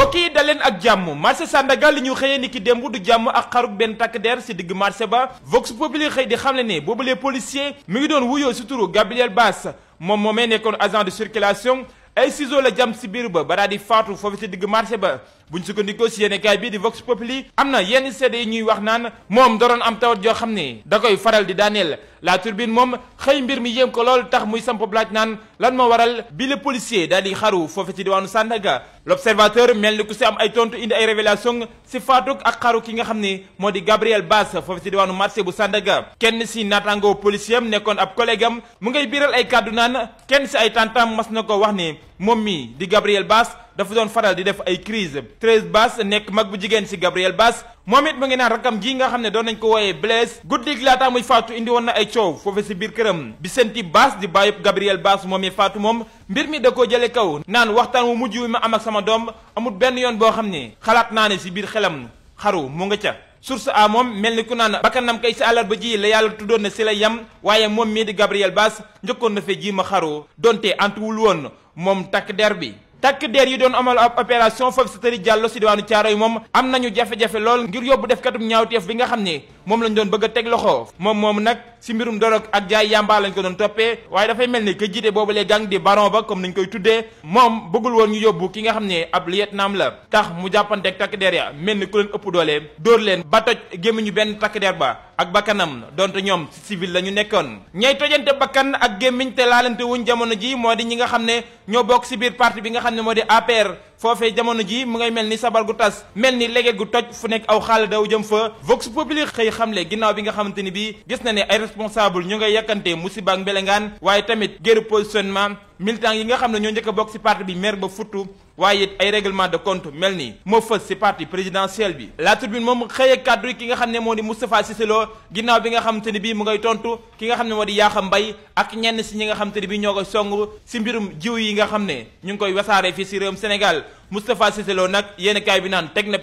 mbokk yi daleen ak jàmm marché Sandaga li ñu xëyee ni ki dem démb du jàmm ak xaruk benn takk der si digg marché ba Vox Populi xëy di xam ne ne boobu boobulee policier mi ngi doon wuyoo si turu Gabriel Bass moom may nekkoon agent de circulation ay ciseaux la jam si biir ba ba di faatu foofu si digg marché ba bu buñ sukkandikoo si yéenekaay bi di Vox Populi am na yenn seede yi ñuy wax naan moom doroon am tawat joo xam ne da koy faral di daaneel la turbine moom xëy mbir mi yéem ko lool tax muy samp laaj naan lan moo waral bi le policier daal di xaru foofu ci diwaanu Sandaga l'observateur mel ni ku si am ay tontu indi ay révélation si faatuk ak xaru ki nga xam ni moo di Gabriel Bass foofu ci diwaanu marché bu Sandaga kenn si naataango policier am nekkoon ab collègue am mu ngay biiral ay kàddu naan kenn si ay tantam mas na ko wax ne moom mi di Gabriel baas dafa doon faral di def ay crise Thérèse Bass nekk mag bu jigéen si Gabriel Bass moom it mu ngi naan rakam ji nga xam ne doon nañ ko wooyee Blaise guddig laataa muy faatu indi woon na ay coow foofu si biir këram Bisanti Bass di bàyyub Gabriel Bass moom i faatu moom mbir mi da koo jële kaw naan waxtaan wu mujj wi ma am ak sama doom amul benn yoon boo xam ne xalaat naa ne si biir xelam xaru mu nga ca source a moom mel ni ku naan bakkanam kay si àllarba ji la yàlla tuddoon na la yem waaye moom mii di Gabriel Bass njëkkoon na fee ji ma xaru donte antuwul woon moom takk der bi takk der yi doon amal ab opération foofu sa tëri Diallo si diwaanu Thiaroye moom am nañu jafe-jafe lool ngir yóbbu def defkatum ñaawteef bi nga xam ne moom lañ doon bëgg a teg loxo moom moom nag si mbirum dorog ak jaay yamba lañ ko doon toppee waaye dafay mel ni que jiite boobu lee gang di baron ba comme nañ koy tuddee moom bëggul woon ñu yóbbu ki nga xam ne ab lieutenant la tax mu jàppanteeg takk der ya mel ni ku leen ëpp doole dóor leen ba toj gémmiñu benn takk der ba ak bakkanam donte ñoom ci civil la ñu nekkoon ñay tojante bakkan ak gémmiñ te laalante wuñ jamono ji moo di ñi nga xam ne ñoo bokk si biir parti bi nga xam ne moo di APR foofee jamono ji mu ngay mel ni sabar gu tas mel ni léget gu toj fu nekk aw xaal aw jëm fa vox populi xëy xamle ginnaaw bi nga xamante ni bii gis na ne ay responsable ñu ngay yàkkante musiba ak mbelengaan waaye tamit géru positionnement militant yi nga xam ne ñoo njëkk bokk ci parti bi mer ba futtu waaye it ay règlement de compte mel ni moo fës si parti présidentiel bi la tribune moom xëye ki nga xam ne moo di Moustapha Cissé Lo ginnaaw bi nga xam ne bii mu ngay tontu ki nga xam ne moo di Yakham Mbaye ak ñenn si ñi nga xam te bii ñoo koy song si mbirum jiw yi nga xam ne ñu ngi koy wasaare fii si réewum Sénégal Moustapha Cissé nag yéen bi naan teg na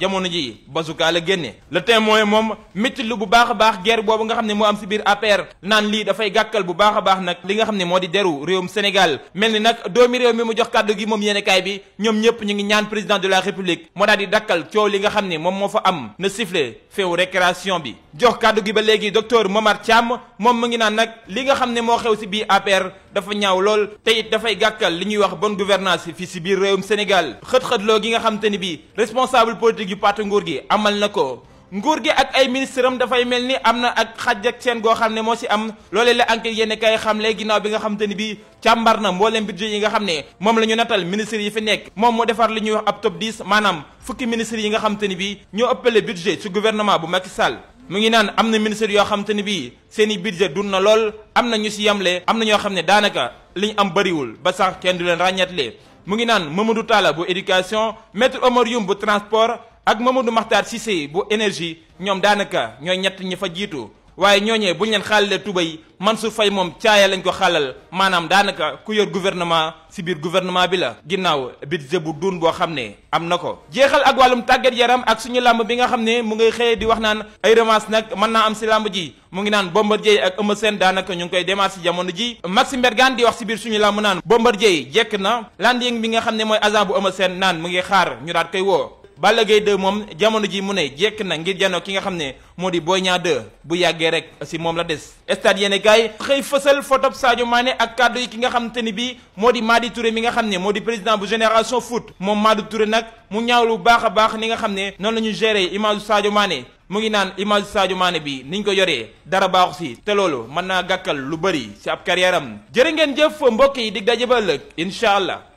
jamono ji bazuka la génne le témoin moom métti bu baax a baax guerre boobu nga xam ne moo am si biir APR naan lii dafay gàkkal bu baax a baax nag li nga xam ne moo di deru réewum Sénégal mel ni nag doomi réew mi mu jox kaddu gi moom yéen kaay bi gi ñoom ñëpp ñu ngi ñaan président de la république moo daal di dakkal coow li nga xam ni moom moo fa am na sifflet feew récréation bi jox kàddu gi ba léegi docteur Momar Thiam moom mu ngi naan nag li nga xam ne moo xew si biir APR dafa ñaaw lool te it dafay gàkkal li ñuy wax bonne gouvernance fi si biir réewum Sénégal xët-xët loo gi nga xam te ni bii responsable politique yu parti nguur gi amal na ko nguur gi ak ay ministre am dafay mel ni am na ak xaj ak seen goo xam ne moo si am loolee la enquête kay xam le ginnaaw bi nga xam te ni bi càmbar na mbooleem budget yi nga xam ne moom la ñu natal ministre yi fi nekk moom moo defar li ñuy wax ab top 10 maanaam fukki ministre yi nga xam te bi ñoo ëppale budget ci gouvernement bu Macky Sall mu ngi naan am na ministre yoo xam te ni bii seen i budget dun na lool am na ñu si yemle am na ñoo xam ne daanaka li ñu am bëriwul ba sax kenn du leen ràññetle mu ngi naan Mamadou Talla bu éducation maître Omar Youm bu transport ak Mamadou Makhtar Cissé bu énergie ñoom daanaka ñooy ñett ñi fa jiitoo waaye ñooñee buñ leen xaalalee tubéy man su fay moom caaya lañ ko xaalal maanaam daanaka ku yor gouvernement si biir gouvernement bi la. ginnaaw budget bu duun boo xam ne am na ko. jeexal ak wàllum tàggat yaram ak suñu làmb bi nga xam ne mu ngay xëyee di wax naan ay revanche nag mën naa am si làmb ji mu ngi naan Bombardier ak Eumeu Sène daanaka ñu ngi koy démarrer si jamono ji. Maxime Bergan di wax si biir suñu làmb naan Bombardier jekk na landing bi nga xam ne mooy agent bu Eumeu Sène naan mu ngi xaar ñu daat koy woo. Balla Gaye 2 moom jamono ji mu ne jekk na ngir janoo ki nga xam ne moo di Boy Niang bu yàggee rek si moom la des stade yéene kaay xëy fësal photob Sadio Mané ak kàddu yi ki nga xam te ni bi moo di Madi Touré mi nga xam ne moo di président bu génération foot moom Madi Touré nag mu ñaaw lu baax a baax ni nga xam ne noonu lañu ñu géré image Sadio mu ngi naan image Sadio Mané bi niñ ko yoree dara baaxu si te loolu mën naa gàkkal lu bëri si ab carrière am jërë ngeen jëf mbokk yi dig daje ba incha allah